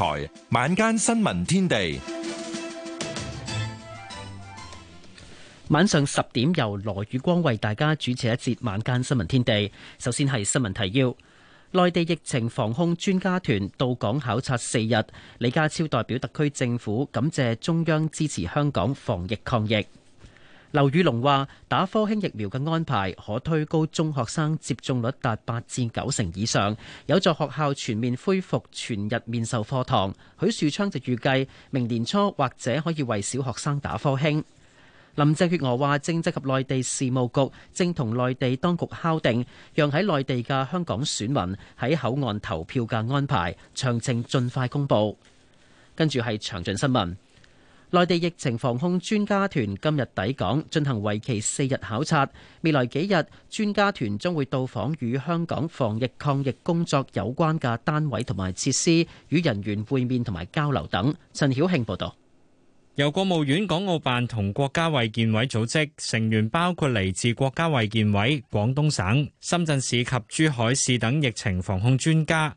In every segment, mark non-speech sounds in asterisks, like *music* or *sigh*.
台晚間新聞天地，晚上十點由羅宇光為大家主持一節晚間新聞天地。首先係新聞提要，內地疫情防控專家團到港考察四日，李家超代表特區政府感謝中央支持香港防疫抗疫。劉宇龍話：打科興疫苗嘅安排可推高中學生接種率達八至九成以上，有助學校全面恢復全日面授課堂。許樹昌就預計明年初或者可以為小學生打科興。林鄭月娥話：政制及內地事務局正同內地當局敲定，讓喺內地嘅香港選民喺口岸投票嘅安排，詳情盡快公布。跟住係詳盡新聞。內地疫情防控專家團今日抵港進行為期四日考察，未來幾日專家團將會到訪與香港防疫抗疫工作有關嘅單位同埋設施，與人員會面同埋交流等。陳曉慶報導。由國務院港澳辦同國家衛健委組織，成員包括嚟自國家衛健委、廣東省、深圳市及珠海市等疫情防控專家。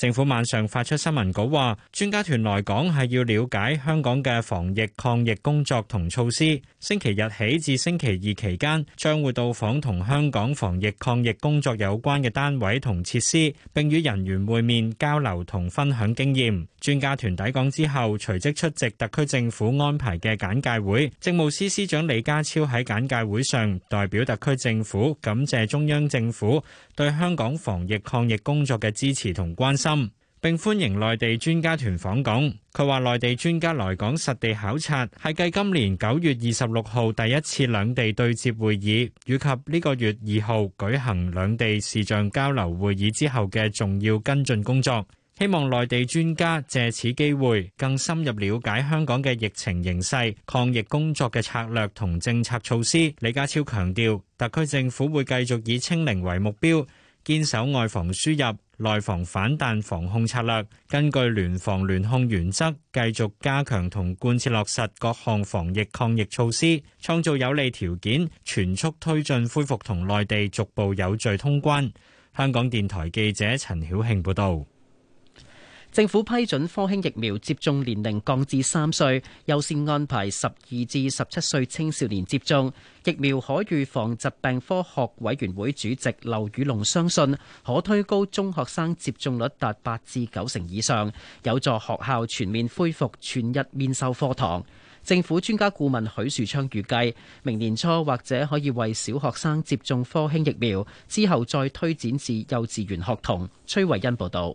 政府晚上發出新聞稿話，專家團來港係要了解香港嘅防疫抗疫工作同措施。星期日起至星期二期間，將會到訪同香港防疫抗疫工作有關嘅單位同設施，並與人員會面交流同分享經驗。專家團抵港之後，隨即出席特區政府安排嘅簡介會。政務司司長李家超喺簡介會上代表特區政府感謝中央政府對香港防疫抗疫工作嘅支持同關心。並歡迎內地專家團訪港。佢話內地專家來港實地考察，係繼今年九月二十六號第一次兩地對接會議以及呢個月二號舉行兩地視像交流會議之後嘅重要跟進工作。希望內地專家借此機會更深入了解香港嘅疫情形勢、抗疫工作嘅策略同政策措施。李家超強調，特區政府會繼續以清零為目標，堅守外防輸入。內防反彈防控策略，根據聯防聯控原則，繼續加強同貫徹落實各項防疫抗疫措施，創造有利條件，全速推進恢復同內地逐步有序通關。香港電台記者陳曉慶報導。政府批准科興疫苗接種年齡降至三歲，優先安排十二至十七歲青少年接種。疫苗可預防疾病科學委員會主席劉宇龍相信，可推高中學生接種率達八至九成以上，有助學校全面恢復全日面授課堂。政府專家顧問許樹昌預計，明年初或者可以為小學生接種科興疫苗，之後再推展至幼稚園學童。崔慧欣報道。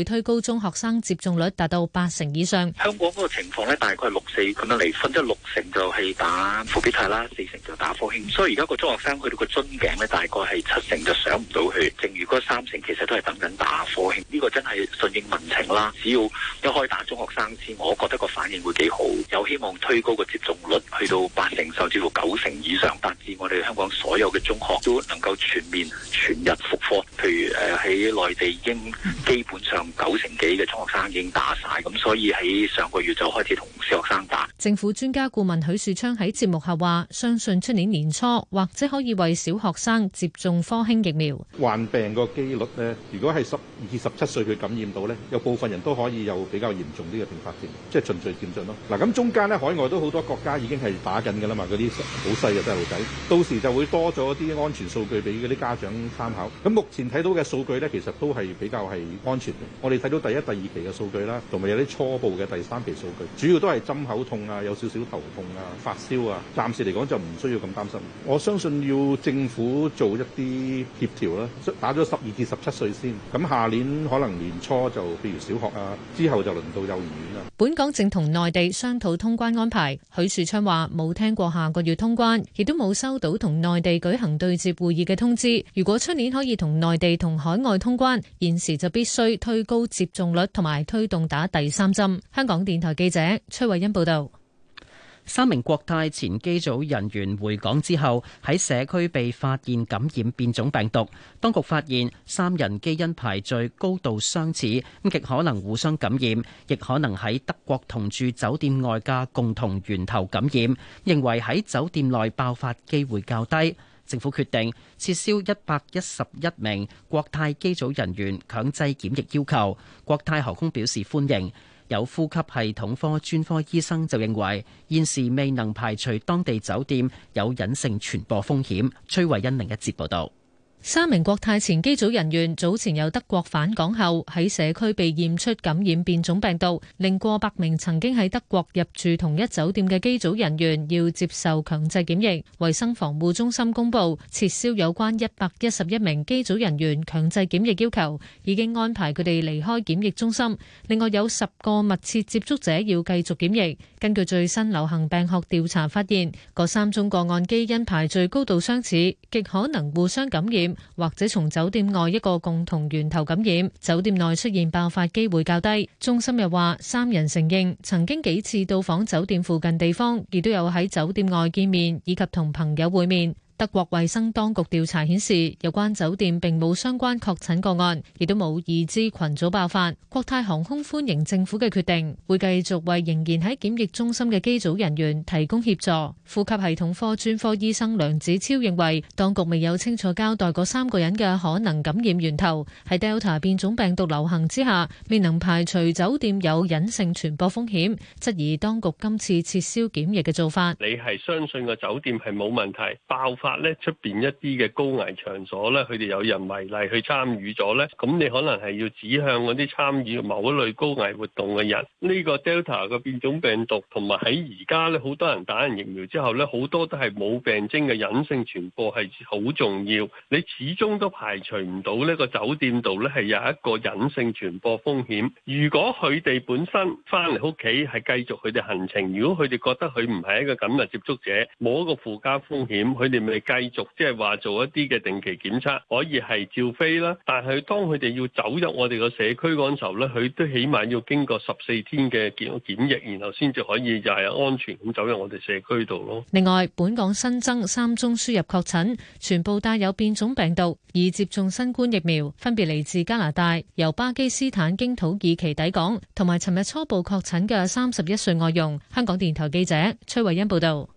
推高中學生接種率達到八成以上，香港嗰個情況咧，大概六四咁樣嚟，分咗六成就係打復必泰啦，四成就打科興。所以而家個中學生去到個樽頸咧，大概係七成就上唔到去，剩餘嗰三成其實都係等緊打科興。呢、這個真係順應民情啦。只要一開打中學生先，我覺得個反應會幾好，有希望推高個接種率去到八成，甚至乎九成以上，達至我哋香港所有嘅中學都能夠全面全日復課。譬如誒喺、呃、內地已經基本上。嗯九成幾嘅中學生已經打晒，咁所以喺上個月就開始同小學生打。政府專家顧問許樹昌喺節目下話，相信出年年初或者可以為小學生接種科興疫苗。患病個機率呢，如果係十二、十七歲佢感染到呢，有部分人都可以有比較嚴重啲嘅併發症，即係循序漸進咯。嗱、啊，咁中間呢，海外都好多國家已經係打緊㗎啦嘛，嗰啲好細嘅細路仔，到時就會多咗啲安全數據俾嗰啲家長參考。咁目前睇到嘅數據呢，其實都係比較係安全嘅。我哋睇到第一、第二期嘅數據啦，同埋有啲初步嘅第三期數據，主要都係針口痛啊，有少少頭痛啊、發燒啊，暫時嚟講就唔需要咁擔心。我相信要政府做一啲協調啦，打咗十二至十七歲先，咁下年可能年初就，譬如小學啊，之後就輪到幼兒園啦。本港正同內地商討通關安排，許樹昌話冇聽過下個月通關，亦都冇收到同內地舉行對接會議嘅通知。如果出年可以同內地同海外通關，現時就必須推最高接種率同埋推動打第三針。香港電台記者崔慧欣報道：三名國泰前機組人員回港之後，喺社區被發現感染變種病毒。當局發現三人基因排序高度相似，咁極可能互相感染，亦可能喺德國同住酒店外加共同源頭感染，認為喺酒店內爆發機會較低。政府決定撤銷一百一十一名國泰機組人員強制檢疫要求，國泰航空表示歡迎。有呼吸系統科專科醫生就認為，現時未能排除當地酒店有隱性傳播風險。崔惠恩另一節報道。三名國泰前機組人員早前由德國返港後，喺社區被驗出感染變種病毒，令過百名曾經喺德國入住同一酒店嘅機組人員要接受強制檢疫。衛生防護中心公布，撤銷有關一百一十一名機組人員強制檢疫要求，已經安排佢哋離開檢疫中心。另外有十個密切接觸者要繼續檢疫。根據最新流行病學調查發現，嗰三宗個案基因排序高度相似，極可能互相感染。或者從酒店外一個共同源頭感染，酒店內出現爆發機會較低。中心又話，三人承認曾經幾次到訪酒店附近地方，亦都有喺酒店外見面，以及同朋友會面。德國衛生當局調查顯示，有關酒店並冇相關確診個案，亦都冇已知群組爆發。國泰航空歡迎政府嘅決定，會繼續為仍然喺檢疫中心嘅機組人員提供協助。呼吸系統科專科醫生梁子超認為，當局未有清楚交代過三個人嘅可能感染源頭，喺 Delta 變種病毒流行之下，未能排除酒店有隱性傳播風險，質疑當局今次撤銷檢疫嘅做法。你係相信個酒店係冇問題爆發？咧出邊一啲嘅高危場所咧，佢哋有人為例去參與咗咧，咁你可能係要指向嗰啲參與某一類高危活動嘅人。呢個 Delta 個變種病毒同埋喺而家咧，好多人打完疫苗之後咧，好多都係冇病徵嘅隱性傳播係好重要。你始終都排除唔到呢個酒店度咧係有一個隱性傳播風險。如果佢哋本身翻嚟屋企係繼續佢哋行程，如果佢哋覺得佢唔係一個緊密接觸者，冇一個附加風險，佢哋未。繼續即係話做一啲嘅定期檢測，可以係照飛啦。但係當佢哋要走入我哋個社區嗰陣時候咧，佢都起碼要經過十四天嘅健康檢疫，然後先至可以就係安全咁走入我哋社區度咯。另外，本港新增三宗輸入確診，全部帶有變種病毒，已接種新冠疫苗，分別嚟自加拿大、由巴基斯坦經土耳其抵港，同埋尋日初步確診嘅三十一歲外傭。香港電台記者崔慧欣報道。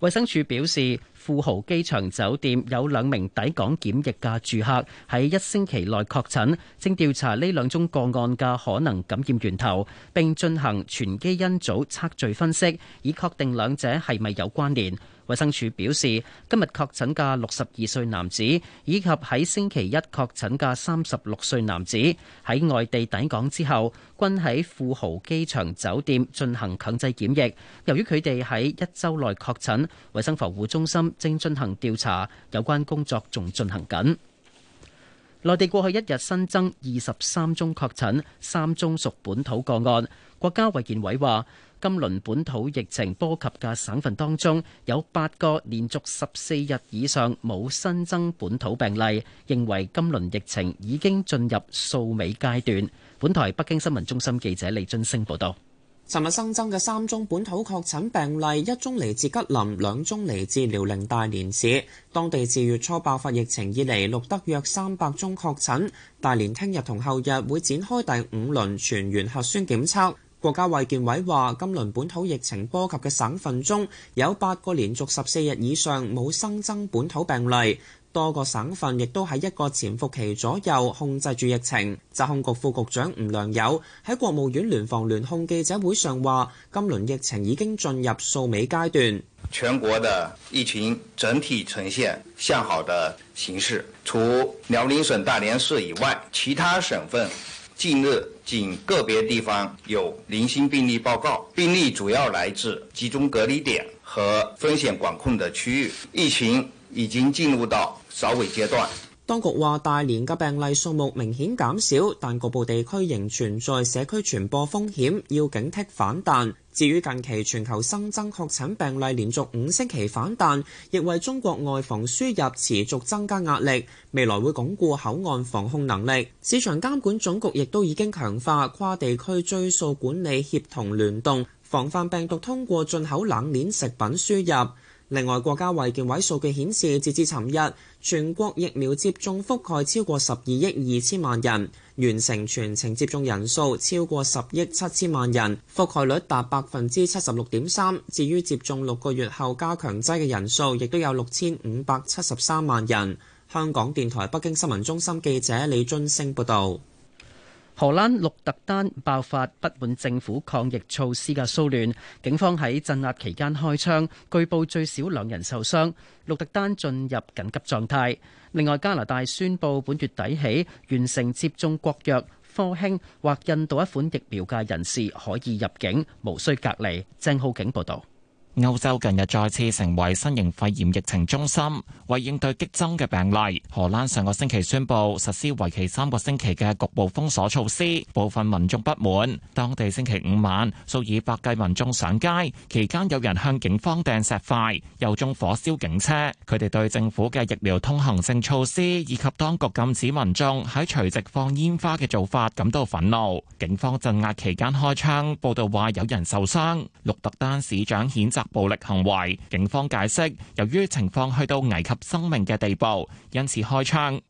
衛生署表示，富豪機場酒店有兩名抵港檢疫嘅住客喺一星期內確診，正調查呢兩宗個案嘅可能感染源頭，並進行全基因組測序分析，以確定兩者係咪有關聯。衛生署表示，今日確診嘅六十二歲男子以及喺星期一確診嘅三十六歲男子，喺外地抵港之後，均喺富豪機場酒店進行強制檢疫。由於佢哋喺一周內確診，衛生防護中心。正進行調查，有關工作仲進行緊。內地過去一日新增二十三宗確診，三宗屬本土個案。國家衛健委話，今輪本土疫情波及嘅省份當中有八個連續十四日以上冇新增本土病例，認為今輪疫情已經進入掃尾階段。本台北京新聞中心記者李晉升報道。尋日新增嘅三宗本土確診病例，一宗嚟自吉林，兩宗嚟自遼寧大連市。當地自月初爆發疫情以嚟，錄得約三百宗確診。大連聽日同後日會展開第五輪全員核酸檢測。國家衛健委話，今輪本土疫情波及嘅省份中有八個連續十四日以上冇新增本土病例。多個省份亦都喺一個潛伏期左右控制住疫情。疾控局副局長吳良友喺國務院聯防聯控記者會上話，今輪疫情已經進入掃尾階段。全國嘅疫情整體呈現向好的形勢，除遼寧省大連市以外，其他省份近日僅個別地方有零星病例報告，病例主要來自集中隔離點和風險管控的區域，疫情已經進入到掃尾階段。當局話，大連嘅病例數目明顯減少，但局部地區仍存在社區傳播風險，要警惕反彈。至於近期全球新增確診病例連續五星期反彈，亦為中國外防輸入持續增加壓力。未來會鞏固口岸防控能力。市場監管總局亦都已經強化跨地區追溯管理協同聯動，防範病毒通過進口冷鏈食品輸入。另外，國家衛健委數據顯示，截至尋日，全國疫苗接種覆蓋超過十二億二千萬人，完成全程接種人數超過十億七千萬人，覆蓋率達百分之七十六點三。至於接種六個月後加強劑嘅人數，亦都有六千五百七十三萬人。香港電台北京新聞中心記者李津升報道。荷蘭鹿特丹爆發不滿政府抗疫措施嘅騷亂，警方喺鎮壓期間開槍，據報最少兩人受傷。鹿特丹進入緊急狀態。另外，加拿大宣布本月底起，完成接種國藥、科興或印度一款疫苗嘅人士可以入境，無需隔離。鄭浩景報道。歐洲近日再次成為新型肺炎疫情中心，為應對激增嘅病例，荷蘭上個星期宣布實施為期三個星期嘅局部封鎖措施。部分民眾不滿，當地星期五晚數以百計民眾上街，期間有人向警方掟石塊，又縱火燒警車。佢哋對政府嘅疫苗通行證措施以及當局禁止民眾喺除夕放煙花嘅做法感到憤怒。警方鎮壓期間開槍，報道話有人受傷。鹿特丹市長譴責。暴力行為，警方解釋，由於情況去到危及生命嘅地步，因此開槍。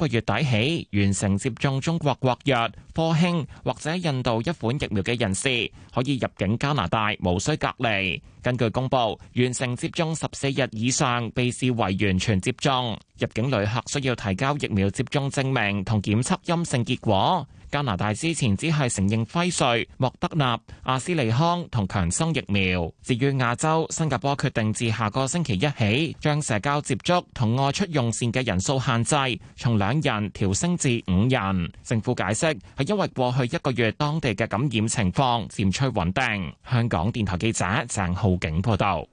個月底起，完成接種中國國藥、科興或者印度一款疫苗嘅人士，可以入境加拿大，無需隔離。根據公佈，完成接種十四日以上被視為完全接種。入境旅客需要提交疫苗接種證明同檢測陰性結果。加拿大之前只係承認輝瑞、莫德納、阿斯利康同強生疫苗。至於亞洲，新加坡決定自下個星期一起，將社交接觸同外出用膳嘅人數限制從兩人調升至五人。政府解釋係因為過去一個月當地嘅感染情況漸趨穩定。香港電台記者鄭浩景報道。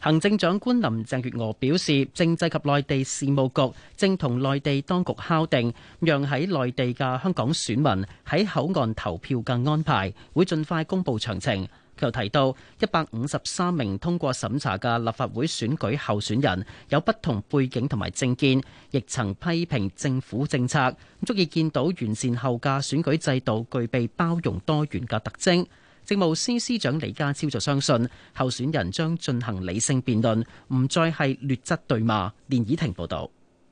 行政長官林鄭月娥表示，政制及內地事務局正同內地當局敲定，讓喺內地嘅香港選民喺口岸投票嘅安排，會盡快公布詳情。佢又提到，一百五十三名通過審查嘅立法會選舉候選人有不同背景同埋政見，亦曾批評政府政策，足以見到完善後嘅選舉制度具備包容多元嘅特徵。政務司司長李家超就相信候選人將進行理性辯論，唔再係劣質對罵。連以婷報道，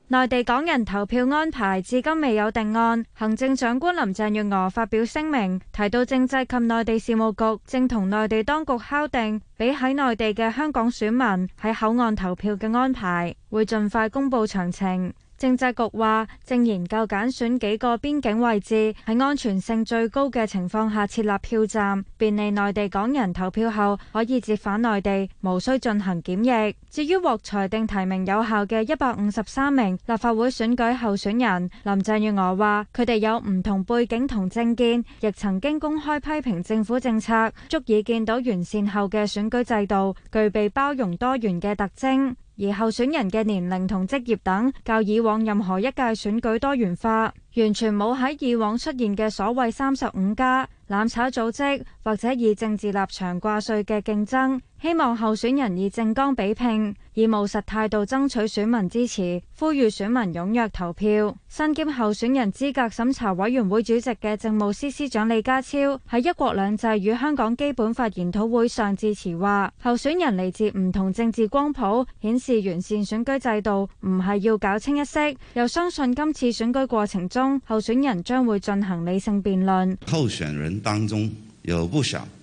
內地港人投票安排至今未有定案。行政長官林鄭月娥發表聲明，提到政制及內地事務局正同內地當局敲定，俾喺內地嘅香港選民喺口岸投票嘅安排，會盡快公布詳情。政制局話正研究揀選幾個邊境位置喺安全性最高嘅情況下設立票站，便利內地港人投票後可以折返內地，無需進行檢疫。至於獲裁定提名有效嘅一百五十三名立法會選舉候選人，林鄭月娥話佢哋有唔同背景同政見，亦曾經公開批評政府政策，足以見到完善後嘅選舉制度具備包容多元嘅特徵。而候選人嘅年齡同職業等，較以往任何一屆選舉多元化，完全冇喺以往出現嘅所謂三十五家攬炒組織或者以政治立場掛帥嘅競爭。希望候選人以政綱比拼，以務實態度爭取選民支持，呼籲選民踴躍投票。身兼候選人資格審查委員會主席嘅政務司司長李家超喺一國兩制與香港基本法研討會上致辭話：候選人嚟自唔同政治光譜，顯示完善選舉制度唔係要搞清一色，又相信今次選舉過程中，候選人將會進行理性辯論。候選人當中有不少。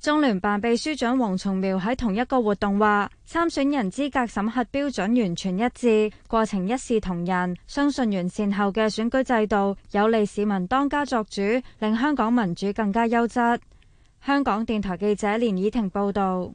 中聯辦秘書長王松苗喺同一個活動話：參選人資格審核標準完全一致，過程一視同仁，相信完善後嘅選舉制度有利市民當家作主，令香港民主更加優質。香港電台記者連倚婷報道。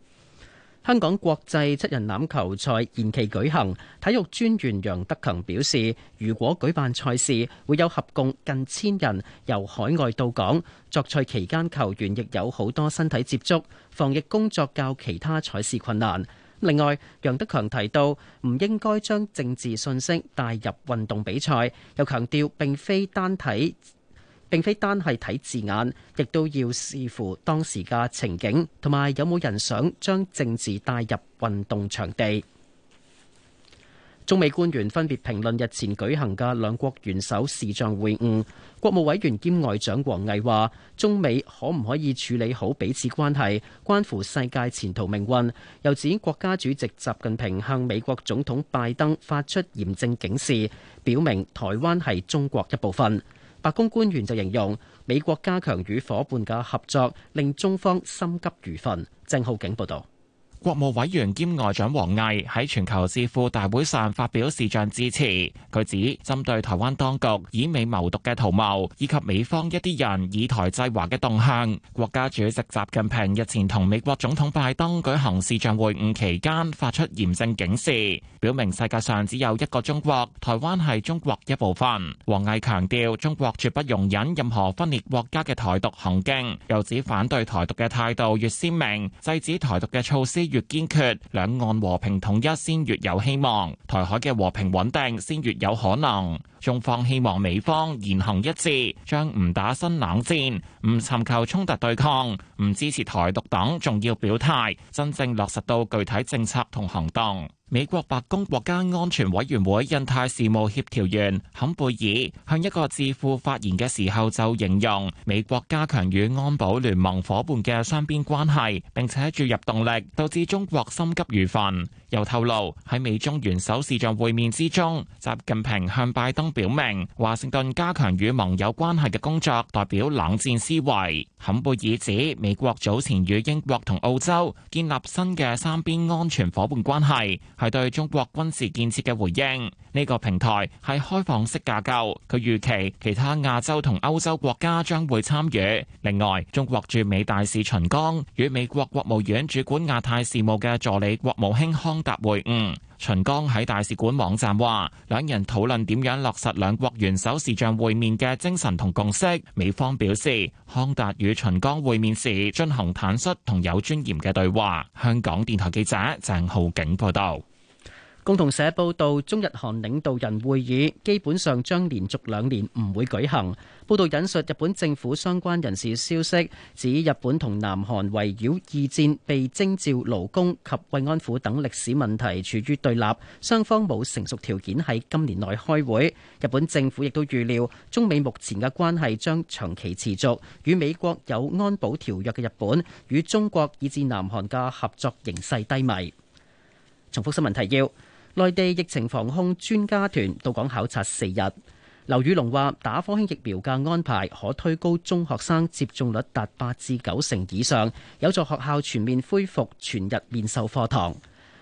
香港國際七人欖球賽延期舉行，體育專員楊德強表示，如果舉辦賽事，會有合共近千人由海外到港。作賽期間，球員亦有好多身體接觸，防疫工作較其他賽事困難。另外，楊德強提到，唔應該將政治信息帶入運動比賽，又強調並非單體。並非單係睇字眼，亦都要視乎當時嘅情景，同埋有冇人想將政治帶入運動場地。中美官員分別評論日前舉行嘅兩國元首視像會晤。國務委員兼外長王毅話：中美可唔可以處理好彼此關係，關乎世界前途命運。又指國家主席習近平向美國總統拜登發出嚴正警示，表明台灣係中國一部分。白宮官員就形容美國加強與伙伴嘅合作，令中方心急如焚。鄭浩景報道。國務委員兼外長王毅喺全球智庫大會上發表視像致辭。佢指針對台灣當局以美謀獨嘅圖謀，以及美方一啲人以台制華嘅動向，國家主席習近平日前同美國總統拜登舉行視像會晤期間，發出嚴正警示，表明世界上只有一個中國，台灣係中國一部分。王毅強調，中國絕不容忍任何分裂國家嘅台獨行徑，又指反對台獨嘅態度越鮮明，制止台獨嘅措施。越堅決，兩岸和平統一先越有希望，台海嘅和平穩定先越有可能。中方希望美方言行一致，將唔打新冷戰，唔尋求衝突對抗，唔支持台獨等重要表態，真正落實到具體政策同行動。美國白宮國家安全委員會印太事務協調員坎貝爾向一個智庫發言嘅時候，就形容美國加強與安保聯盟夥伴嘅雙邊關係，並且注入動力，導致中國心急如焚。又透露喺美中元首視像會面之中，習近平向拜登表明，華盛頓加強與盟友關係嘅工作代表冷戰思維。坎貝爾指，美國早前與英國同澳洲建立新嘅三邊安全夥伴關係。係對中國軍事建設嘅回應，呢個平台係開放式架構。佢預期其他亞洲同歐洲國家將會參與。另外，中國駐美大使秦剛與美國國務院主管亞太事務嘅助理國務卿康達會晤。秦剛喺大使館網站話，兩人討論點樣落實兩國元首視像會面嘅精神同共識。美方表示，康達與秦剛會面時進行坦率同有尊嚴嘅對話。香港電台記者鄭浩景報道。共同社報道，中日韓領導人會議基本上將連續兩年唔會舉行。報道引述日本政府相關人士消息，指日本同南韓圍繞二戰被徵召勞工及慰安婦等歷史問題處於對立，雙方冇成熟條件喺今年內開會。日本政府亦都預料，中美目前嘅關係將長期持續，與美國有安保條約嘅日本與中國以至南韓嘅合作形勢低迷。重複新聞提要。內地疫情防控專家團到港考察四日。劉宇龍話：打科興疫苗嘅安排可推高中學生接種率達八至九成以上，有助學校全面恢復全日面授課堂。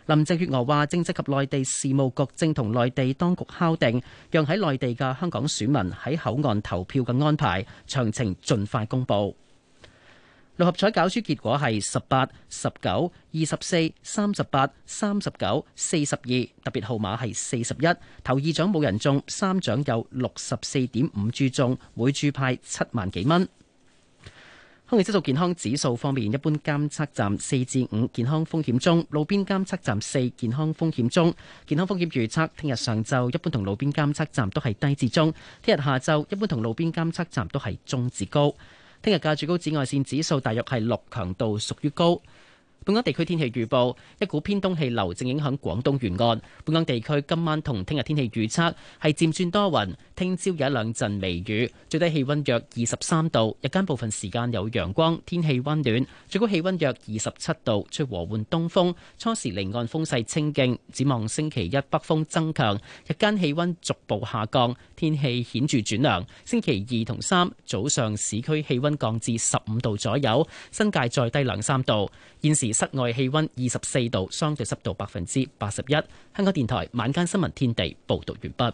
林鄭月娥話：政制及內地事務局正同內地當局敲定，讓喺內地嘅香港選民喺口岸投票嘅安排，詳情盡快公佈。六合彩攪珠結果係十八、十九、二十四、三十八、三十九、四十二，特別號碼係四十一。頭二獎冇人中，三獎有六十四點五注中，每注派七萬幾蚊。空氣質素健康指數方面，一般監測站四至五健康風險中，路邊監測站四健康風險中。健康風險預測，聽日上晝一般同路邊監測站都係低至中，聽日下晝一般同路邊監測站都係中至高。聽日嘅最高紫外線指數大約係六強度，屬於高。本港地區天氣預報，一股偏東氣流正影響廣東沿岸。本港地區今晚同聽日天氣預測係漸轉多雲。聽朝有一兩陣微雨，最低氣溫約二十三度，日間部分時間有陽光，天氣溫暖，最高氣溫約二十七度，吹和緩東風，初時離岸風勢清勁，展望星期一北風增強，日間氣溫逐步下降，天氣顯著轉涼。星期二同三早上市區氣溫降至十五度左右，新界再低兩三度。現時室外氣溫二十四度，相對濕度百分之八十一。香港電台晚間新聞天地報道完畢。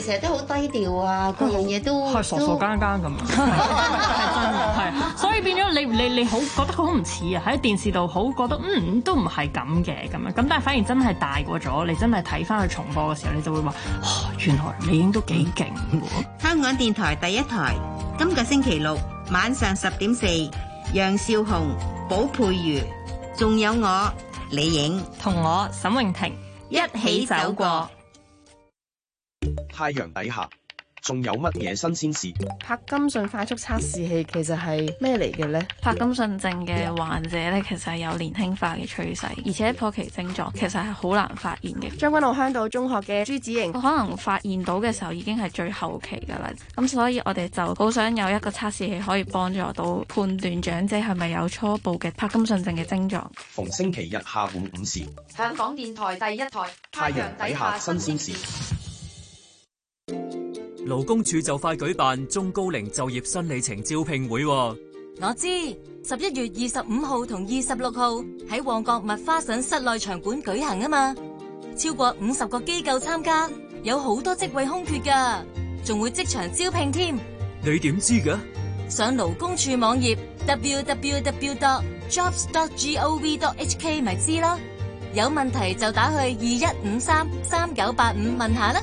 其實都好低調啊，嗰樣嘢都，是都傻傻更更咁樣， *laughs* 真係 *laughs* ，所以變咗你你你好覺得好唔似啊，喺電視度好覺得嗯都唔係咁嘅咁樣，咁但係反而真係大過咗，你真係睇翻去重播嘅時候，你就會話，哦原來李影都幾勁喎！香港電台第一台，今個星期六晚上十點四，楊少紅、寶佩瑜，仲有我李影，同我沈詠婷一起走過。太陽底下仲有乜嘢新鮮事？柏金遜快速測試器其實係咩嚟嘅呢？柏金遜症嘅患者咧，其實係有年輕化嘅趨勢，而且早期症狀其實係好難發現嘅。將軍澳香島中學嘅朱子瑩，可能發現到嘅時候已經係最後期噶啦。咁所以我哋就好想有一個測試器，可以幫助到判斷長者係咪有初步嘅柏金遜症嘅症狀。逢星期日下午五時，香港電台第一台，太陽底下新鮮事。勞工處就快舉辦中高齡就業新里程招聘會。啊，我知十一月二十五號同二十六號喺旺角麥花臣室內場館舉行啊嘛，超過五十個機構參加，有好多職位空缺噶，仲會即場招聘添。你點知噶？上勞工處網頁 www.jobs.gov.hk 咪知啦。有問題就打去二一五三三九八五問下啦。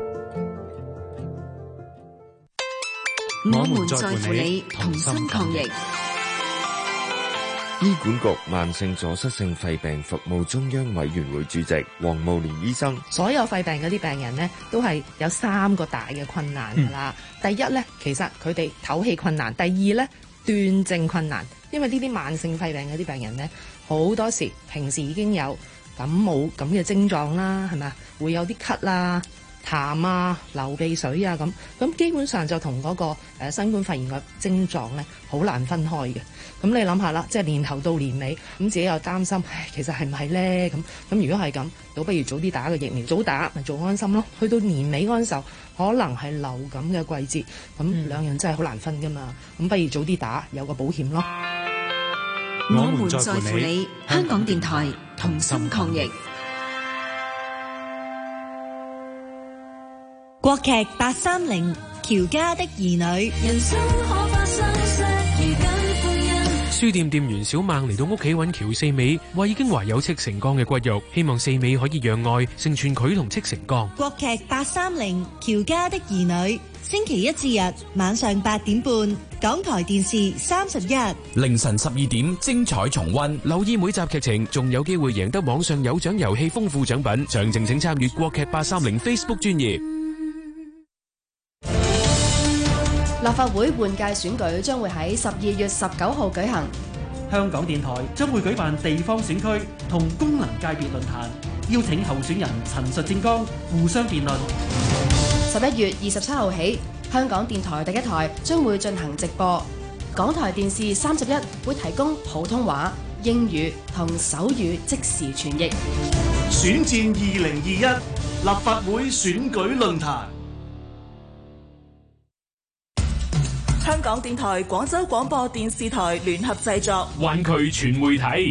我們在乎你，同心抗疫。同同疫醫管局慢性阻塞性肺病服務中央委員會主席黃慕蓮醫生，所有肺病嗰啲病人呢，都係有三個大嘅困難噶啦。嗯、第一呢，其實佢哋透氣困難；第二呢，斷症困難。因為呢啲慢性肺病嗰啲病人呢，好多時平時已經有感冒咁嘅症狀啦，係咪，會有啲咳啦。痰啊、流鼻水啊咁，咁基本上就同嗰個新冠肺炎嘅症狀咧，好難分開嘅。咁你諗下啦，即係年頭到年尾，咁自己又擔心，其實係唔係咧？咁咁如果係咁，倒不如早啲打個疫苗，早打咪早安心咯。去到年尾嗰時候，可能係流感嘅季節，咁兩樣真係好難分噶嘛。咁不如早啲打，有個保險咯。我們在乎你，香港電台同心抗疫。國劇八三零喬家的兒女，人生可音。書店店員小孟嚟到屋企揾喬四美，話已經懷有戚成鋼嘅骨肉，希望四美可以讓愛勝成全佢同戚成鋼。國劇八三零喬家的兒女，星期一至日晚上八點半，港台電視三十一，凌晨十二點，精彩重温。留意每集劇情，仲有機會贏得網上有獎遊戲豐富獎品。詳情請參閱國劇八三零 Facebook 專頁。立法會換屆選舉將會喺十二月十九號舉行，香港電台將會舉辦地方選區同功能界別論壇，邀請候選人陳述政綱，互相辯論。十一月二十七號起，香港電台第一台將會進行直播，港台電視三十一會提供普通話、英語同手語即時傳譯。選戰二零二一立法會選舉論壇。香港電台、廣州廣播電視台聯合製作，灣區全媒體。